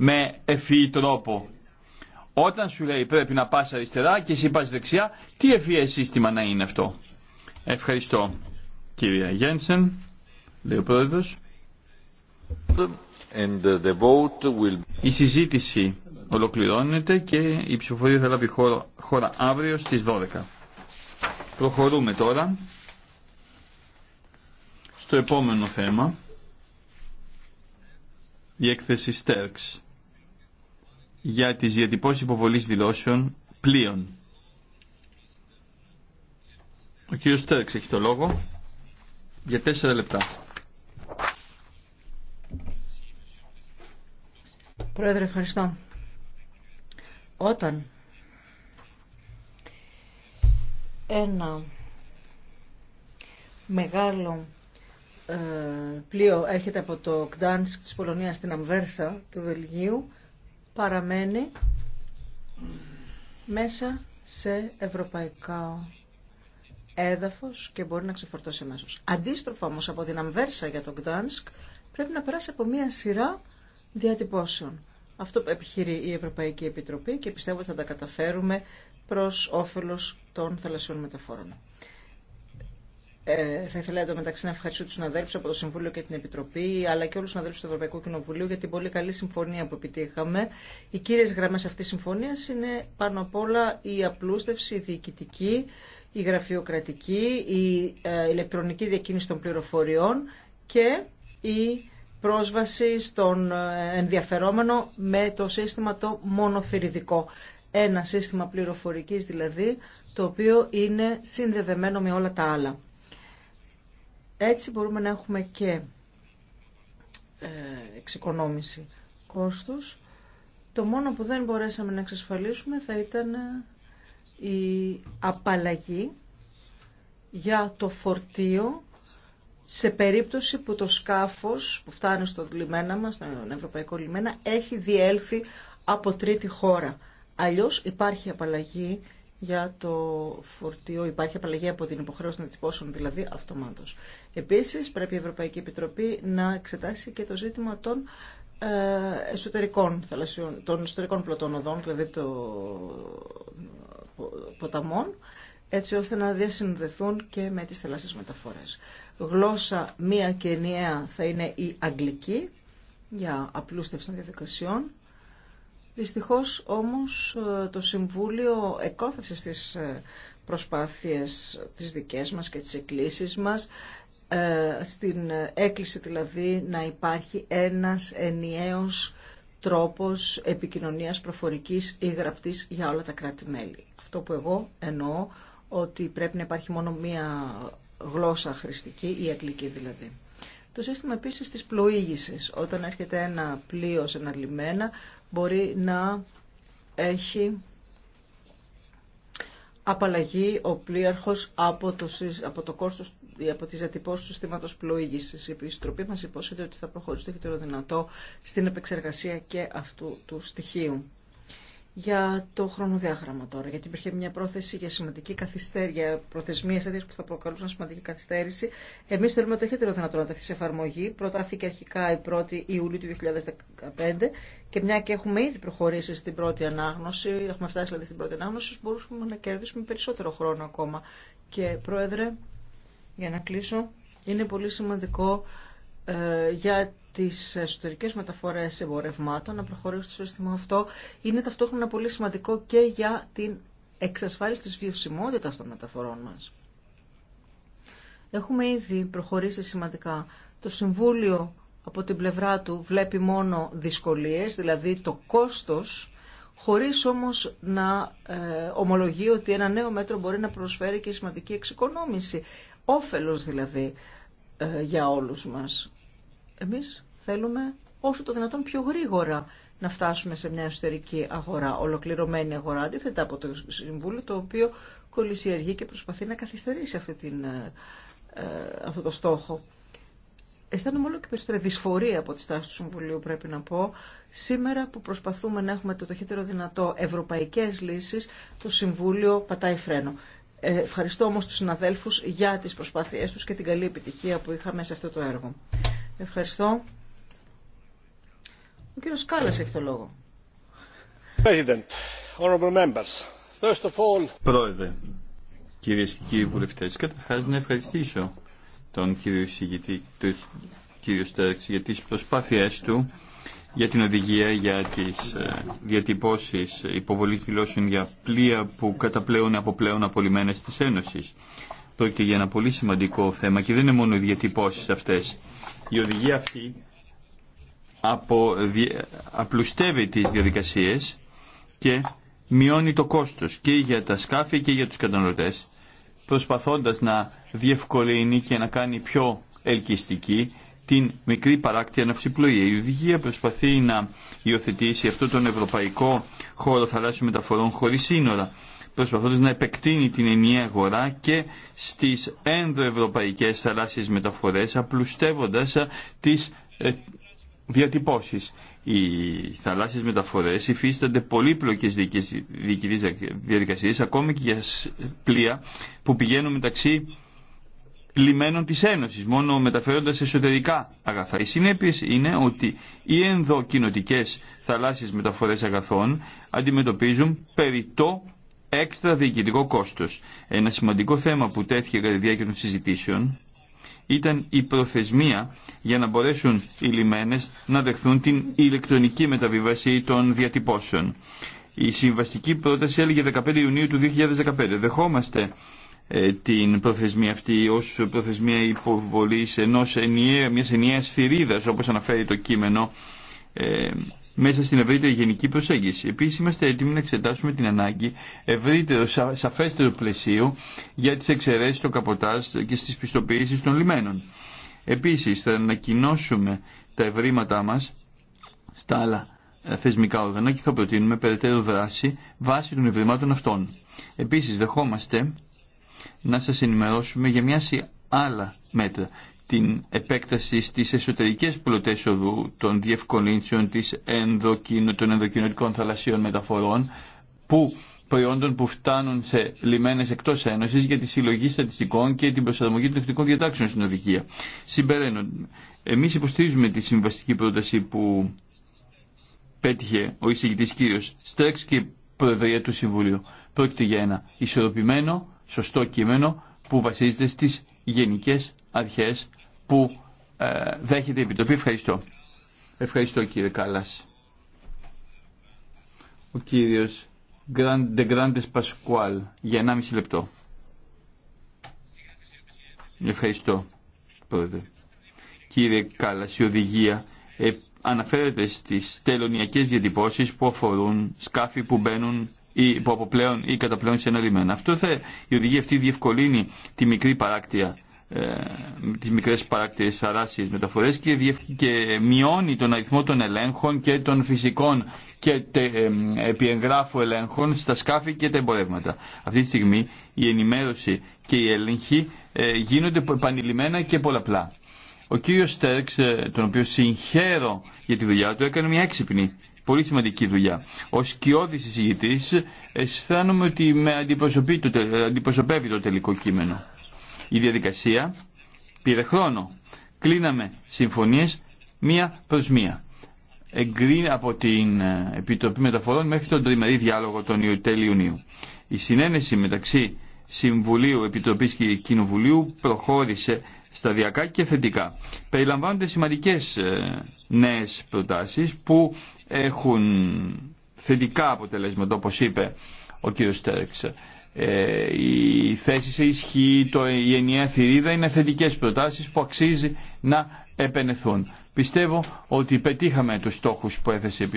με ευφυή τρόπο. Όταν σου λέει πρέπει να πας αριστερά και εσύ πας δεξιά, τι ευφυέ σύστημα να είναι αυτό. Ευχαριστώ κυρία Γένσεν, λέει ο πρόεδρος. Η συζήτηση ολοκληρώνεται και η ψηφοφορία θα λάβει χώρα, χώρα αύριο στις 12. Προχωρούμε τώρα στο επόμενο θέμα, η έκθεση Στέρξ για τις διατυπώσεις υποβολής δηλώσεων πλοίων. Ο κύριος Στέρξ έχει το λόγο για τέσσερα λεπτά. Πρόεδρε, ευχαριστώ. Όταν ένα μεγάλο ε, πλοίο έρχεται από το Κντάνσκ της Πολωνίας στην Αμβέρσα του Βελγίου, παραμένει μέσα σε ευρωπαϊκά έδαφος και μπορεί να ξεφορτώσει μέσα. Αντίστροφα όμως από την Αμβέρσα για τον Γκτάνσκ πρέπει να περάσει από μία σειρά διατυπώσεων. Αυτό επιχειρεί η Ευρωπαϊκή Επιτροπή και πιστεύω ότι θα τα καταφέρουμε προς όφελος των θαλασσιών μεταφόρων. Ε, θα ήθελα εντωμεταξύ να ευχαριστήσω του συναδέλφου από το Συμβούλιο και την Επιτροπή, αλλά και όλου του συναδέλφου του Ευρωπαϊκού Κοινοβουλίου για την πολύ καλή συμφωνία που επιτύχαμε. Οι κύριε γραμμέ αυτή τη συμφωνία είναι πάνω απ' όλα η απλούστευση, η διοικητική, η γραφειοκρατική, η ε, ηλεκτρονική διακίνηση των πληροφοριών και η πρόσβαση στον ε, ενδιαφερόμενο με το σύστημα το μονοθυριδικό. Ένα σύστημα πληροφορικής δηλαδή, το οποίο είναι συνδεδεμένο με όλα τα άλλα. Έτσι μπορούμε να έχουμε και ε, εξοικονόμηση κόστους. Το μόνο που δεν μπορέσαμε να εξασφαλίσουμε θα ήταν ε, η απαλλαγή για το φορτίο σε περίπτωση που το σκάφος που φτάνει στο λιμένα μας, στον ευρωπαϊκό λιμένα, έχει διέλθει από τρίτη χώρα. Αλλιώς υπάρχει απαλλαγή για το φορτίο. Υπάρχει απαλλαγή από την υποχρέωση να τυπώσουν δηλαδή αυτομάτως. Επίσης πρέπει η Ευρωπαϊκή Επιτροπή να εξετάσει και το ζήτημα των ε, εσωτερικών θαλασσιών, των εσωτερικών πλωτών οδών, δηλαδή των ποταμών, έτσι ώστε να διασυνδεθούν και με τις θαλάσσιες μεταφορές. Γλώσσα μία και ενιαία θα είναι η αγγλική για απλούστευση των διαδικασιών Δυστυχώς όμως το Συμβούλιο εκόφευσε στις ε, προσπάθειες της δικές μας και τις εκκλήσεις μας ε, στην έκκληση δηλαδή να υπάρχει ένας ενιαίος τρόπος επικοινωνίας προφορικής ή γραπτής για όλα τα κράτη-μέλη. Αυτό που εγώ εννοώ ότι πρέπει να υπάρχει μόνο μία γλώσσα χρηστική, η αγγλική δηλαδή. Το σύστημα επίση τη πλοήγηση. Όταν έρχεται ένα πλοίο σε ένα λιμένα μπορεί να έχει απαλλαγή ο πλοίαρχος από το, από το κόστος ή από τις διατυπώσεις του συστήματος πλοήγησης. Η επιστροπή μας υπόσχεται ότι θα προχωρήσει το δυνατό στην επεξεργασία και αυτού του στοιχείου για το χρονοδιάγραμμα τώρα, γιατί υπήρχε μια πρόθεση για σημαντική καθυστέρηση, για προθεσμίε που θα προκαλούσαν σημαντική καθυστέρηση. Εμεί θέλουμε το έχετε δυνατό να τεθεί σε εφαρμογή. Προτάθηκε αρχικά η 1η Ιουλίου του 2015 και μια και έχουμε ήδη προχωρήσει στην πρώτη ανάγνωση, έχουμε φτάσει δηλαδή στην πρώτη ανάγνωση, μπορούσαμε να κερδίσουμε περισσότερο χρόνο ακόμα. Και Πρόεδρε, για να κλείσω, είναι πολύ σημαντικό ε, για τις εσωτερικές μεταφορές εμπορευμάτων να προχωρήσει το σύστημα αυτό είναι ταυτόχρονα πολύ σημαντικό και για την εξασφάλιση της βιωσιμότητας των μεταφορών μας. Έχουμε ήδη προχωρήσει σημαντικά. Το Συμβούλιο από την πλευρά του βλέπει μόνο δυσκολίες, δηλαδή το κόστος, χωρίς όμως να ε, ομολογεί ότι ένα νέο μέτρο μπορεί να προσφέρει και σημαντική εξοικονόμηση. Όφελος δηλαδή ε, για όλους μας. Εμείς Θέλουμε όσο το δυνατόν πιο γρήγορα να φτάσουμε σε μια εσωτερική αγορά, ολοκληρωμένη αγορά, αντίθετα από το Συμβούλιο, το οποίο κολλησιεργεί και προσπαθεί να καθυστερήσει αυτή την, ε, ε, αυτό το στόχο. Αισθάνομαι όλο και περισσότερη δυσφορία από τη στάση του Συμβουλίου, πρέπει να πω. Σήμερα που προσπαθούμε να έχουμε το ταχύτερο δυνατό ευρωπαϊκές λύσεις, το Συμβούλιο πατάει φρένο. Ε, ευχαριστώ όμως τους συναδέλφους για τις προσπάθειές τους και την καλή επιτυχία που είχαμε σε αυτό το έργο. Ευχαριστώ. Ο κύριος Κάλλας έχει το λόγο. Πρόεδρε, κυρίες και κύριοι βουλευτές, καταρχάς να ευχαριστήσω τον κύριο εισηγητή, τον κύριο Στέρξ, για τις προσπάθειές του για την οδηγία για τις ε, διατυπώσεις υποβολής δηλώσεων για πλοία που καταπλέουν από πλέον απολυμμένες της Ένωσης. Πρόκειται για ένα πολύ σημαντικό θέμα και δεν είναι μόνο οι διατυπώσεις αυτές. Η οδηγία αυτή απο, απλουστεύει τις διαδικασίες και μειώνει το κόστος και για τα σκάφη και για τους καταναλωτές προσπαθώντας να διευκολύνει και να κάνει πιο ελκυστική την μικρή παράκτη ναυσιπλοΐα, Η οδηγία προσπαθεί να υιοθετήσει αυτό τον ευρωπαϊκό χώρο θαλάσσιων μεταφορών χωρίς σύνορα, προσπαθώντας να επεκτείνει την ενιαία αγορά και στις ενδοευρωπαϊκές θαλάσσιες μεταφορές, απλουστεύοντας τις ε, διατυπώσεις. Οι θαλάσσιες μεταφορές υφίστανται πολύπλοκες διοικητικές διαδικασίες ακόμη και για πλοία που πηγαίνουν μεταξύ λιμένων της Ένωσης, μόνο μεταφέροντας εσωτερικά αγαθά. Οι συνέπειε είναι ότι οι ενδοκινοτικές θαλάσσιες μεταφορές αγαθών αντιμετωπίζουν το έξτρα διοικητικό κόστος. Ένα σημαντικό θέμα που τέθηκε κατά τη διάρκεια των συζητήσεων ήταν η προθεσμία για να μπορέσουν οι λιμένες να δεχθούν την ηλεκτρονική μεταβίβαση των διατυπώσεων. Η συμβαστική πρόταση έλεγε 15 Ιουνίου του 2015. Δεχόμαστε ε, την προθεσμία αυτή ως προθεσμία υποβολής ενός ενιαία, μιας ενιαίας θηρίδας όπως αναφέρει το κείμενο ε, μέσα στην ευρύτερη γενική προσέγγιση. Επίσης είμαστε έτοιμοι να εξετάσουμε την ανάγκη ευρύτερου, σαφέστερου πλαισίου για τις εξαιρέσει των καποτάζ και στι πιστοποιήσεις των λιμένων. Επίσης θα ανακοινώσουμε τα ευρήματά μας στα άλλα ε, θεσμικά όργανα και θα προτείνουμε περαιτέρω δράση βάσει των ευρημάτων αυτών. Επίση, δεχόμαστε να σα ενημερώσουμε για μια άλλα μέτρα την επέκταση στις εσωτερικές πλωτές οδού των διευκολύνσεων της ενδοκινο, των ενδοκινοτικών θαλασσίων μεταφορών που προϊόντων που φτάνουν σε λιμένες εκτός Ένωσης για τη συλλογή στατιστικών και την προσαρμογή των τεχνικών διατάξεων στην οδηγία. Συμπεραίνω, εμείς υποστηρίζουμε τη συμβαστική πρόταση που πέτυχε ο εισηγητής κύριος Στρέξ και η Προεδρία του Συμβουλίου. Πρόκειται για ένα ισορροπημένο, σωστό κείμενο που βασίζεται στις γενικές αρχές που ε, δέχεται η Επιτροπή. Ευχαριστώ. Ευχαριστώ κύριε Κάλλας. Ο κύριος Γκράντες Πασκουάλ για 1,5 λεπτό. Ευχαριστώ, πρόεδρε. Κύριε Κάλλας, η οδηγία ε, αναφέρεται στις τελωνιακές διατυπώσεις που αφορούν σκάφη που μπαίνουν ή που αποπλέον ή καταπλέον σε ένα λιμένα. Αυτό θα, η οδηγία αυτή διευκολύνει τη μικρή παράκτεια ε, τις μικρές παράκτηρες αράσιες μεταφορές και, και μειώνει τον αριθμό των ελέγχων και των φυσικών και ε, επιεγγράφου ελέγχων στα σκάφη και τα εμπορεύματα. Αυτή τη στιγμή η ενημέρωση και η έλεγχη ε, γίνονται επανειλημμένα και πολλαπλά. Ο κύριος Στέρξ, τον οποίο συγχαίρω για τη δουλειά του, έκανε μια έξυπνη πολύ σημαντική δουλειά. Ω κοιόδη εισηγητή, αισθάνομαι ότι με αντιπροσωπεύει το τελικό κείμενο. Η διαδικασία πήρε χρόνο. Κλείναμε συμφωνίες μία προς μία. Εγκρίνει από την ε, Επιτροπή Μεταφορών μέχρι τον τριμερή διάλογο τον τέλη Ιουνίου. Η συνένεση μεταξύ Συμβουλίου, Επιτροπής και Κοινοβουλίου προχώρησε σταδιακά και θετικά. Περιλαμβάνονται σημαντικές ε, νέες προτάσεις που έχουν θετικά αποτελέσματα, όπως είπε ο κ. Στέρεξ. Ε, η θέση σε ισχύ, το, η ενιαία θηρίδα είναι θετικές προτάσεις που αξίζει να επενεθούν. Πιστεύω ότι πετύχαμε τους στόχους που, έθεσε,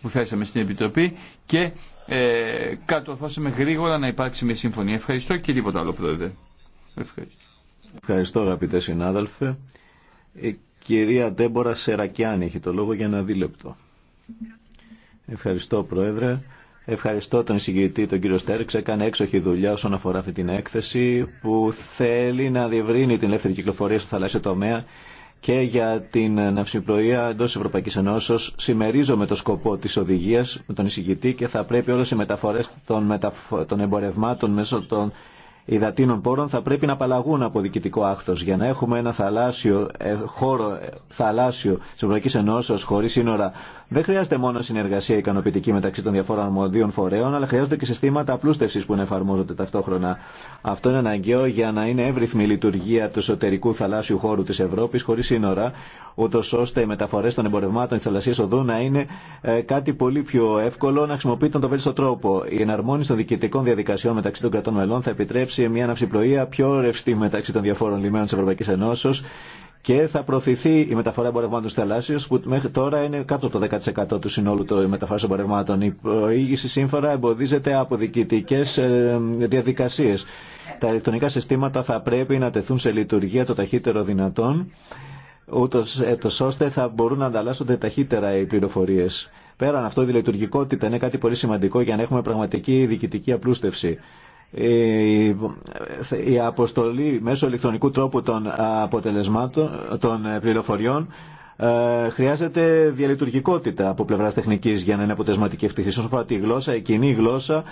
που θέσαμε στην Επιτροπή και ε, κατορθώσαμε γρήγορα να υπάρξει μια συμφωνία. Ευχαριστώ και τίποτα άλλο πρόεδρε. Ευχαριστώ. Ευχαριστώ αγαπητέ συνάδελφε. Η κυρία Ντέμπορα Σερακιάν έχει το λόγο για ένα δίλεπτο. Ευχαριστώ πρόεδρε. Ευχαριστώ τον εισηγητή, τον κύριο Στέρξ. Έκανε έξοχη δουλειά όσον αφορά αυτή την έκθεση που θέλει να διευρύνει την ελεύθερη κυκλοφορία στο θαλάσσιο τομέα και για την ναυσιπλοεία εντό Ευρωπαϊκή Ενώσεω. Συμμερίζομαι το σκοπό τη οδηγία με τον εισηγητή και θα πρέπει όλε οι μεταφορέ των εμπορευμάτων μέσω των οι δατίνων πόρων θα πρέπει να απαλλαγούν από διοικητικό άχθος για να έχουμε ένα θαλάσσιο ε, χώρο ε, θαλάσσιο της Ευρωπαϊκής Ενώσεως χωρίς σύνορα. Δεν χρειάζεται μόνο συνεργασία ικανοποιητική μεταξύ των διαφόρων αρμοδίων φορέων, αλλά χρειάζονται και συστήματα απλούστευσης που να εφαρμόζονται ταυτόχρονα. Αυτό είναι αναγκαίο για να είναι εύρυθμη η λειτουργία του εσωτερικού θαλάσσιου χώρου της Ευρώπης χωρίς σύνορα, ούτω ώστε οι μεταφορέ των εμπορευμάτων τη θαλασσία οδού να είναι ε, κάτι πολύ πιο εύκολο να χρησιμοποιείται τον το τρόπο. Η εναρμόνιση των διοικητικών διαδικασιών μεταξύ των κρατών μελών θα επιτρέψει σε μια αναψυπλοεία πιο ρευστή μεταξύ των διαφόρων λιμένων τη Ευρωπαϊκή Ενώσεω και θα προωθηθεί η μεταφορά εμπορευμάτων τη που μέχρι τώρα είναι κάτω το 10% του συνόλου των μεταφορά εμπορευμάτων. Η προήγηση σύμφωνα εμποδίζεται από διοικητικέ ε, διαδικασίε. Τα ηλεκτρονικά συστήματα θα πρέπει να τεθούν σε λειτουργία το ταχύτερο δυνατόν, ούτως, ώστε θα μπορούν να ανταλλάσσονται ταχύτερα οι πληροφορίε. Πέραν αυτό, η λειτουργικότητα είναι κάτι πολύ σημαντικό για να έχουμε πραγματική διοικητική απλούστευση η αποστολή μέσω ηλεκτρονικού τρόπου των αποτελεσμάτων, των πληροφοριών ε, χρειάζεται διαλειτουργικότητα από πλευρά τεχνική για να είναι αποτελεσματική ευτυχή. Όσον τη γλώσσα, η κοινή γλώσσα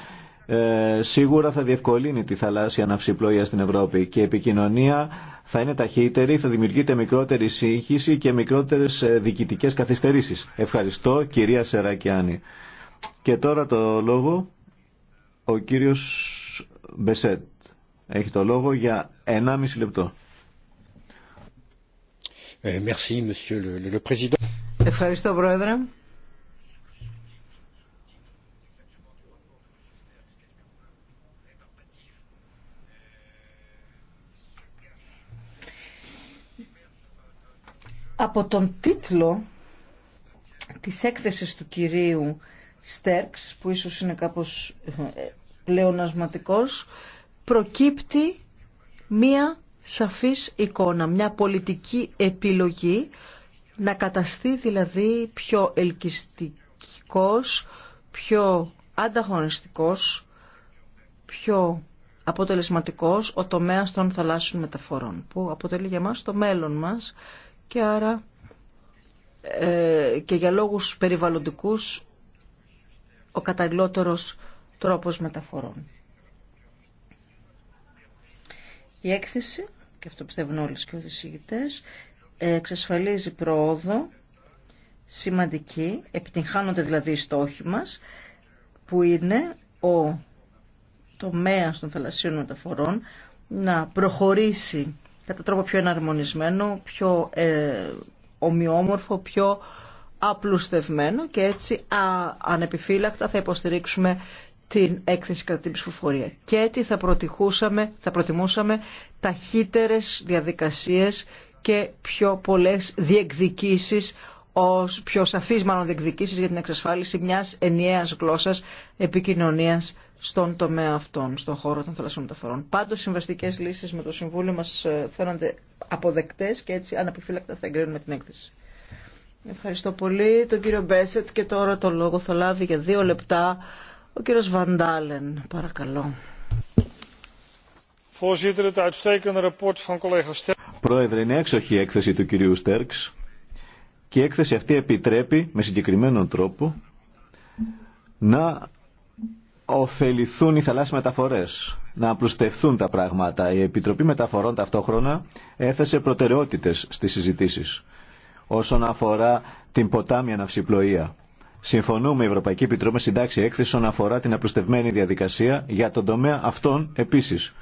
ε, σίγουρα θα διευκολύνει τη θαλάσσια ναυσιπλοεία στην Ευρώπη και η επικοινωνία θα είναι ταχύτερη, θα δημιουργείται μικρότερη σύγχυση και μικρότερε διοικητικέ καθυστερήσει. Ευχαριστώ, κυρία Σερακιάνη. Και τώρα το λόγο ο κύριος Μπεσέτ. Έχει το λόγο για 1,5 λεπτό. Ε, Ευχαριστώ, Πρόεδρε. Από τον τίτλο της έκθεσης του κυρίου Στέρξ, που ίσως είναι κάπως ε, πλεονασματικός, προκύπτει μία σαφής εικόνα, μια πολιτική επιλογή να καταστεί δηλαδή πιο ελκυστικός, πιο ανταγωνιστικός, πιο αποτελεσματικός ο τομέας των θαλάσσιων μεταφορών που αποτελεί για μας το μέλλον μας και άρα ε, και για λόγους περιβαλλοντικούς ο καταλληλότερος τρόπος μεταφορών. Η έκθεση, και αυτό πιστεύουν όλες και οι εξασφαλίζει πρόοδο σημαντική, επιτυγχάνονται δηλαδή οι στόχοι μας, που είναι ο τομέας των θαλασσίων μεταφορών να προχωρήσει κατά τρόπο πιο εναρμονισμένο, πιο ε, ομοιόμορφο, πιο απλουστευμένο και έτσι ανεπιφύλακτα θα υποστηρίξουμε την έκθεση κατά την ψηφοφορία και έτσι θα, θα προτιμούσαμε ταχύτερες διαδικασίες και πιο πολλές διεκδικήσεις ως πιο σαφείς μάλλον διεκδικήσεις για την εξασφάλιση μιας ενιαίας γλώσσας επικοινωνίας στον τομέα αυτών, στον χώρο των θαλασσιών μεταφορών. Πάντως, συμβαστικές λύσεις με το Συμβούλιο μας ε, φαίνονται αποδεκτές και έτσι αναπιφύλακτα θα εγκρίνουμε την έκθεση. Ευχαριστώ πολύ τον κύριο Μπέσετ και τώρα το λόγο θα λάβει για δύο λεπτά ο κύριος Βαντάλεν, παρακαλώ. Πρόεδρε, είναι έξοχη η έκθεση του κυρίου Στέρξ και η έκθεση αυτή επιτρέπει με συγκεκριμένο τρόπο να ωφεληθούν οι θαλάσσιες μεταφορές, να απλουστευθούν τα πράγματα. Η Επιτροπή Μεταφορών ταυτόχρονα έθεσε προτεραιότητες στις συζητήσεις όσον αφορά την ποτάμια ναυσιπλοεία. Συμφωνούμε, η Ευρωπαϊκή Επιτροπή συντάξει έκθεση όσον αφορά την απλουστευμένη διαδικασία για τον τομέα αυτών επίση.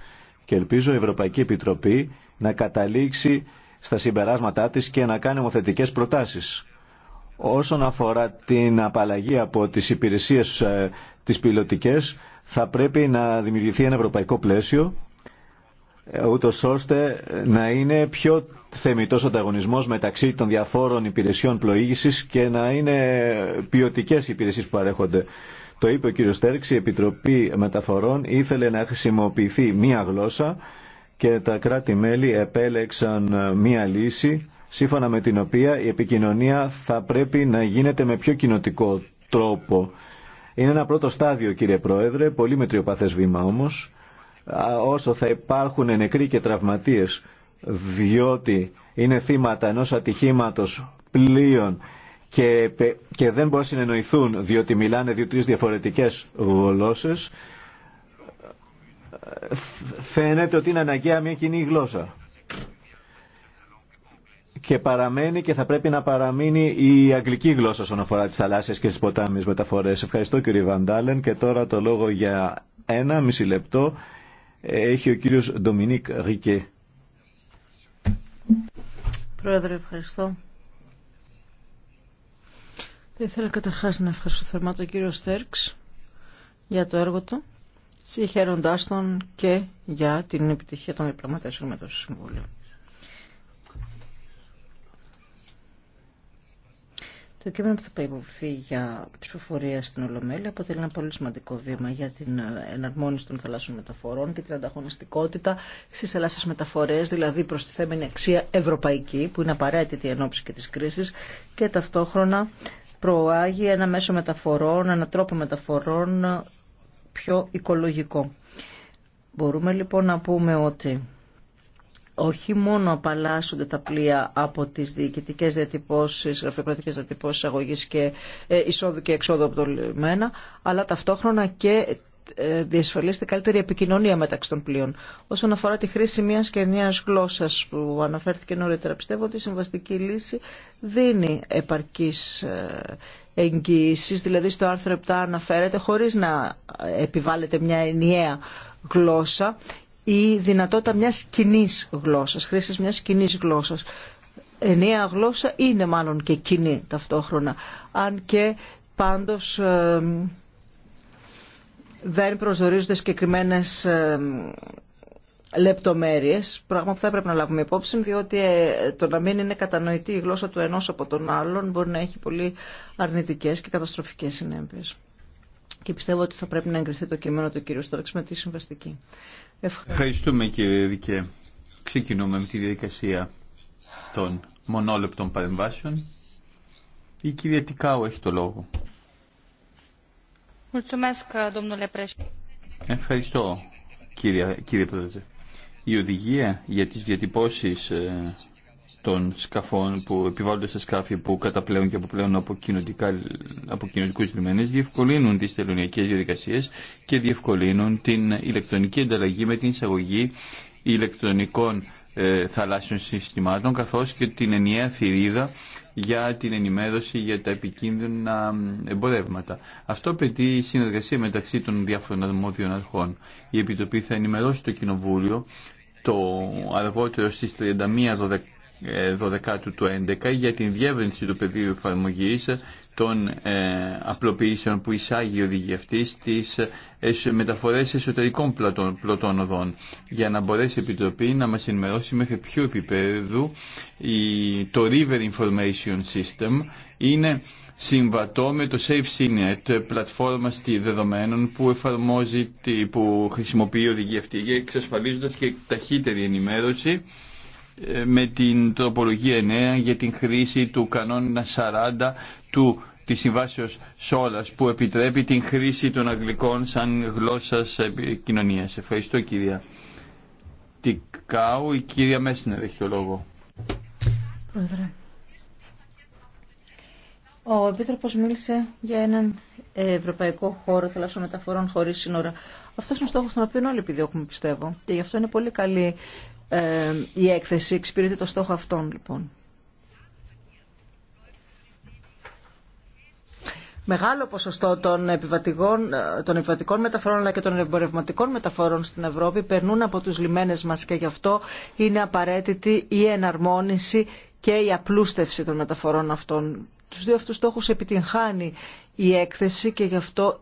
Και ελπίζω η Ευρωπαϊκή Επιτροπή να καταλήξει στα συμπεράσματά της και να κάνει ομοθετικέ προτάσεις. Όσον αφορά την απαλλαγή από τις υπηρεσίες ε, τις θα πρέπει να δημιουργηθεί ένα ευρωπαϊκό πλαίσιο ούτω ώστε να είναι πιο θεμητό ο ανταγωνισμός μεταξύ των διαφόρων υπηρεσιών πλοήγησης και να είναι ποιοτικέ οι υπηρεσίες που παρέχονται. Το είπε ο κύριος Στέρξ, η Επιτροπή Μεταφορών ήθελε να χρησιμοποιηθεί μία γλώσσα και τα κράτη-μέλη επέλεξαν μία λύση σύμφωνα με την οποία η επικοινωνία θα πρέπει να γίνεται με πιο κοινοτικό τρόπο. Είναι ένα πρώτο στάδιο κύριε Πρόεδρε, πολύ μετριοπαθές βήμα όμως όσο θα υπάρχουν νεκροί και τραυματίες διότι είναι θύματα ενός ατυχήματος πλοίων και, δεν μπορούν να συνεννοηθούν διότι μιλάνε δύο-τρεις διαφορετικές γλώσσες φαίνεται ότι είναι αναγκαία μια κοινή γλώσσα και παραμένει και θα πρέπει να παραμείνει η αγγλική γλώσσα όσον αφορά τις θαλάσσιες και τις ποτάμιες μεταφορές. Ευχαριστώ κύριε Βαντάλεν και τώρα το λόγο για ένα μισή λεπτό έχει ο κύριος Ντομινίκ Ρικέ. Πρόεδρε, ευχαριστώ. Θα ήθελα καταρχάς να ευχαριστώ θερμά τον κύριο Στέρξ για το έργο του, συγχαίροντάς τον και για την επιτυχία των διαπραγματεύσεων με το Συμβούλιο. Το κείμενο που θα υποβληθεί για ψηφοφορία στην Ολομέλεια αποτελεί ένα πολύ σημαντικό βήμα για την ε, εναρμόνιση των θαλάσσιων μεταφορών και την ανταγωνιστικότητα στι θαλάσσιε μεταφορέ, δηλαδή προ τη θέμενη αξία ευρωπαϊκή, που είναι απαραίτητη εν ώψη και τη κρίση, και ταυτόχρονα προάγει ένα μέσο μεταφορών, ένα τρόπο μεταφορών πιο οικολογικό. Μπορούμε λοιπόν να πούμε ότι όχι μόνο απαλλάσσονται τα πλοία από τι διοικητικέ διατυπώσει, γραφειοκρατικέ διατυπώσει αγωγής και ε, εισόδου και εξόδου από το λιμένα, αλλά ταυτόχρονα και ε, διασφαλίσεται καλύτερη επικοινωνία μεταξύ των πλοίων. Όσον αφορά τη χρήση μιας και νέας γλώσσας που αναφέρθηκε νωρίτερα, πιστεύω ότι η συμβαστική λύση δίνει επαρκή ε, εγγύηση, δηλαδή στο άρθρο 7 αναφέρεται χωρίς να επιβάλλεται μια ενιαία γλώσσα η δυνατότητα μιας κοινή γλώσσας, χρήσης μιας κοινή γλώσσας. Ενιαία γλώσσα είναι μάλλον και κοινή ταυτόχρονα, αν και πάντως δεν προσδορίζονται συγκεκριμένε λεπτομέρειες, πράγμα που θα έπρεπε να λάβουμε υπόψη, διότι ε, το να μην είναι κατανοητή η γλώσσα του ενός από τον άλλον μπορεί να έχει πολύ αρνητικές και καταστροφικές συνέπειες. Και πιστεύω ότι θα πρέπει να εγκριθεί το κείμενο του κύριου Στόρεξ με τη συμβαστική. Ευχαριστούμε κύριε Ρικέ. Ξεκινούμε με τη διαδικασία των μονόλεπτων παρεμβάσεων. Η κυρία Τικάου έχει το λόγο. Ευχαριστώ κύριε, κύριε Πρόεδρε. Η οδηγία για τις διατυπώσεις ε, των σκαφών που επιβάλλονται σε σκάφη που καταπλέουν και αποπλέουν από, από κοινωτικού λιμένε διευκολύνουν τι τελωνιακέ διαδικασίε και διευκολύνουν την ηλεκτρονική ανταλλαγή με την εισαγωγή ηλεκτρονικών ε, θαλάσσιων συστημάτων καθώ και την ενιαία θηρίδα για την ενημέρωση για τα επικίνδυνα εμπορεύματα. Αυτό απαιτεί συνεργασία μεταξύ των διάφορων αρμόδιων αρχών. Η Επιτροπή θα ενημερώσει το Κοινοβούλιο το αργότερο στις 31 12 του 2011 για την διεύρυνση του πεδίου εφαρμογή των ε, απλοποιήσεων που εισάγει ο οδηγία αυτή στι ε, μεταφορέ εσωτερικών πλατών, πλωτών οδών για να μπορέσει η Επιτροπή να μα ενημερώσει μέχρι ποιο επίπεδο η, το River Information System είναι συμβατό με το SafeCNet, πλατφόρμα στη δεδομένων που εφαρμόζει, που χρησιμοποιεί ο οδηγία εξασφαλίζοντα και ταχύτερη ενημέρωση με την τροπολογία 9 για την χρήση του κανόνα 40 του της συμβάσεως Σόλας που επιτρέπει την χρήση των αγγλικών σαν γλώσσα κοινωνία. Ευχαριστώ κυρία Τικάου. Η κυρία Μέσνερ έχει το λόγο. Πρόεδρε. Ο Επίτροπο μίλησε για έναν ευρωπαϊκό χώρο θαλάσσιων μεταφορών χωρίς σύνορα. Αυτό είναι ο στόχος τον οποίο όλοι επιδιώκουμε πιστεύω και γι' αυτό είναι πολύ καλή ε, η έκθεση εξυπηρετεί το στόχο αυτών, λοιπόν. Μεγάλο ποσοστό των, επιβατικών, ε, των επιβατικών μεταφορών αλλά και των εμπορευματικών μεταφορών στην Ευρώπη περνούν από τους λιμένες μας και γι' αυτό είναι απαραίτητη η εναρμόνιση και η απλούστευση των μεταφορών αυτών. Τους δύο αυτούς στόχους επιτυγχάνει η έκθεση και γι' αυτό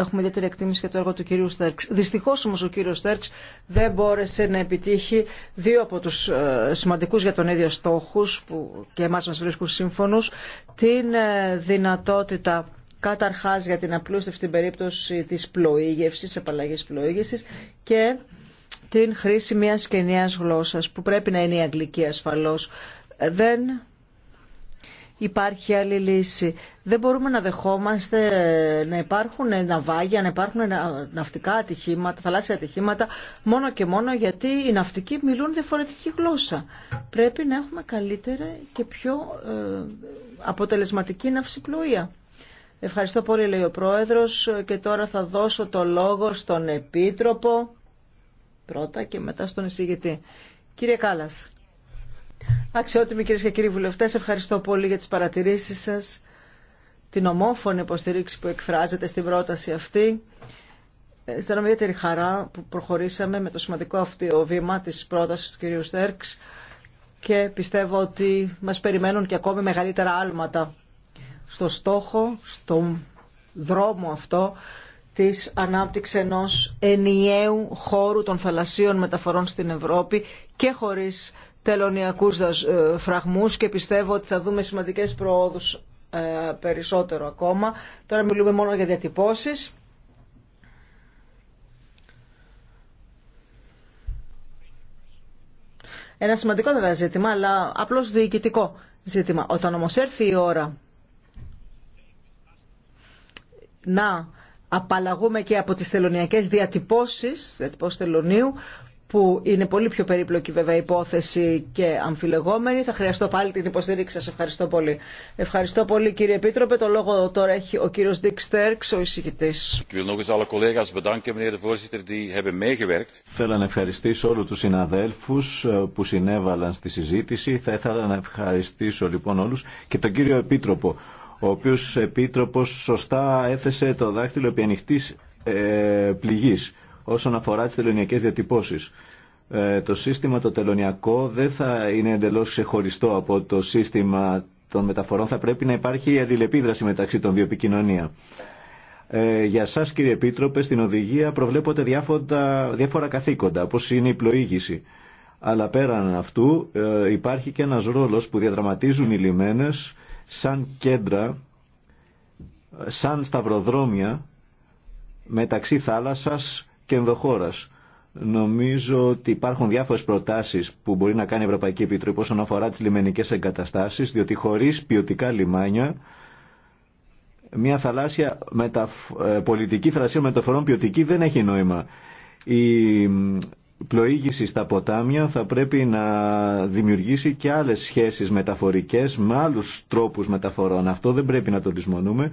έχουμε ιδιαίτερη εκτίμηση για το έργο του κυρίου Στέρξ. Δυστυχώ όμω ο κύριο Στέρξ δεν μπόρεσε να επιτύχει δύο από του ε, σημαντικού για τον ίδιο στόχου που και εμά μα βρίσκουν σύμφωνου, την ε, δυνατότητα καταρχάς για την απλούστευση στην περίπτωση της πλοήγευσης, επαλλαγής πλοήγευσης και την χρήση μιας και γλώσσα που πρέπει να είναι η αγγλική ασφαλώς. Ε, δεν υπάρχει άλλη λύση. Δεν μπορούμε να δεχόμαστε να υπάρχουν ναυάγια, να υπάρχουν ναυτικά ατυχήματα, θαλάσσια ατυχήματα, μόνο και μόνο γιατί οι ναυτικοί μιλούν διαφορετική γλώσσα. Πρέπει να έχουμε καλύτερη και πιο ε, αποτελεσματική ναυσιπλοεία. Ευχαριστώ πολύ, λέει ο Πρόεδρος, και τώρα θα δώσω το λόγο στον Επίτροπο, πρώτα και μετά στον εισηγητή. Κύριε Κάλλας. Αξιότιμοι κυρίε και κύριοι βουλευτέ, ευχαριστώ πολύ για τι παρατηρήσει σα, την ομόφωνη υποστηρίξη που εκφράζεται στην πρόταση αυτή. Ε, αισθάνομαι ιδιαίτερη χαρά που προχωρήσαμε με το σημαντικό αυτό βήμα τη πρόταση του κυρίου Στέρξ και πιστεύω ότι μα περιμένουν και ακόμη μεγαλύτερα άλματα στο στόχο, στον δρόμο αυτό της ανάπτυξη ενός ενιαίου χώρου των θαλασσίων μεταφορών στην Ευρώπη και χωρίς τελωνιακούς ε, φραγμούς και πιστεύω ότι θα δούμε σημαντικές προόδους ε, περισσότερο ακόμα. Τώρα μιλούμε μόνο για διατυπώσεις. Ένα σημαντικό βέβαια ζήτημα, αλλά απλώς διοικητικό ζήτημα. Όταν όμως έρθει η ώρα να απαλλαγούμε και από τις θελωνιακές διατυπώσεις, διατυπώσεις θελωνίου, που είναι πολύ πιο περίπλοκη βέβαια υπόθεση και αμφιλεγόμενη. Θα χρειαστώ πάλι την υποστήριξη σας. Ευχαριστώ πολύ. Ευχαριστώ πολύ κύριε Επίτροπε. Το λόγο τώρα έχει ο κύριος Ντίκ Στέρξ, ο εισηγητής. Θέλω να ευχαριστήσω όλους τους συναδέλφους ε, που συνέβαλαν στη συζήτηση. Θα ήθελα να ευχαριστήσω λοιπόν όλους και τον κύριο Επίτροπο ο οποίος επίτροπο σωστά έθεσε το δάχτυλο επί ανοιχτής ε, πληγής όσον αφορά τις τελωνιακές διατυπώσεις. Ε, το σύστημα το τελωνιακό δεν θα είναι εντελώς ξεχωριστό από το σύστημα των μεταφορών. Θα πρέπει να υπάρχει αλληλεπίδραση μεταξύ των δύο επικοινωνία. Ε, για εσά, κύριε Επίτροπε, στην οδηγία προβλέπονται διάφορα, διάφορα καθήκοντα, όπω είναι η πλοήγηση. Αλλά πέραν αυτού ε, υπάρχει και ένας ρόλος που διαδραματίζουν οι λιμένες σαν κέντρα, σαν σταυροδρόμια μεταξύ θάλασσας και ενδοχώρα. Νομίζω ότι υπάρχουν διάφορε προτάσει που μπορεί να κάνει η Ευρωπαϊκή Επιτροπή όσον αφορά τι λιμενικέ εγκαταστάσει, διότι χωρί ποιοτικά λιμάνια, μια θαλάσσια μεταφ... Ε, πολιτική θρασία μεταφορών ποιοτική δεν έχει νόημα. Η πλοήγηση στα ποτάμια θα πρέπει να δημιουργήσει και άλλες σχέσεις μεταφορικές με άλλους τρόπους μεταφορών. Αυτό δεν πρέπει να το λησμονούμε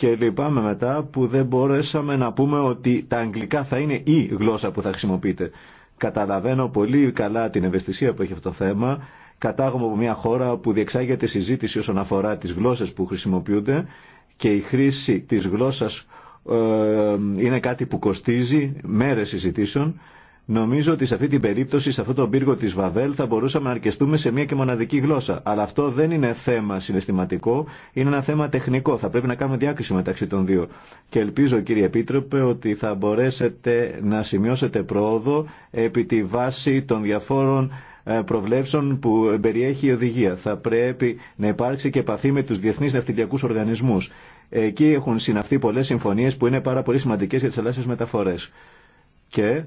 και λυπάμαι μετά που δεν μπορέσαμε να πούμε ότι τα αγγλικά θα είναι η γλώσσα που θα χρησιμοποιείτε. Καταλαβαίνω πολύ καλά την ευαισθησία που έχει αυτό το θέμα. Κατάγομαι από μια χώρα που διεξάγεται συζήτηση όσον αφορά τις γλώσσες που χρησιμοποιούνται και η χρήση της γλώσσας ε, είναι κάτι που κοστίζει μέρες συζητήσεων Νομίζω ότι σε αυτή την περίπτωση, σε αυτό τον πύργο τη Βαβέλ, θα μπορούσαμε να αρκεστούμε σε μία και μοναδική γλώσσα. Αλλά αυτό δεν είναι θέμα συναισθηματικό, είναι ένα θέμα τεχνικό. Θα πρέπει να κάνουμε διάκριση μεταξύ των δύο. Και ελπίζω, κύριε Επίτροπε, ότι θα μπορέσετε να σημειώσετε πρόοδο επί τη βάση των διαφόρων ε, προβλέψεων που περιέχει η οδηγία. Θα πρέπει να υπάρξει και επαφή με του διεθνεί ναυτιλιακού οργανισμού. Εκεί έχουν συναυθεί πολλέ συμφωνίε που είναι πάρα πολύ σημαντικέ για τι ελάχιστε μεταφορέ. Και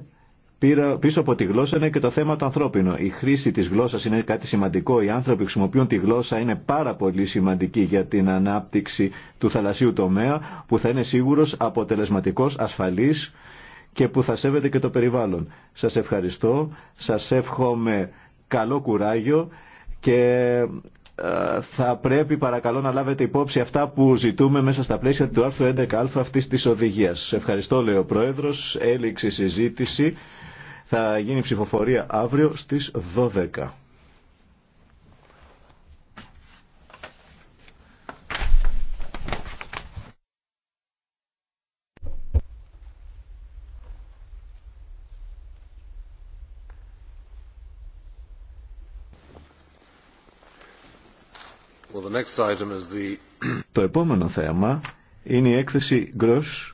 πίσω από τη γλώσσα είναι και το θέμα το ανθρώπινο. Η χρήση της γλώσσας είναι κάτι σημαντικό. Οι άνθρωποι που χρησιμοποιούν τη γλώσσα είναι πάρα πολύ σημαντικοί για την ανάπτυξη του θαλασσίου τομέα που θα είναι σίγουρος, αποτελεσματικός, ασφαλής και που θα σέβεται και το περιβάλλον. Σας ευχαριστώ, σας εύχομαι καλό κουράγιο και ε, θα πρέπει παρακαλώ να λάβετε υπόψη αυτά που ζητούμε μέσα στα πλαίσια του άρθρου 11α αυτής της οδηγίας. Ευχαριστώ λέει ο Πρόεδρος, έληξε συζήτηση. Θα γίνει ψηφοφορία αύριο στις 12. Το επόμενο θέμα είναι η έκθεση Gross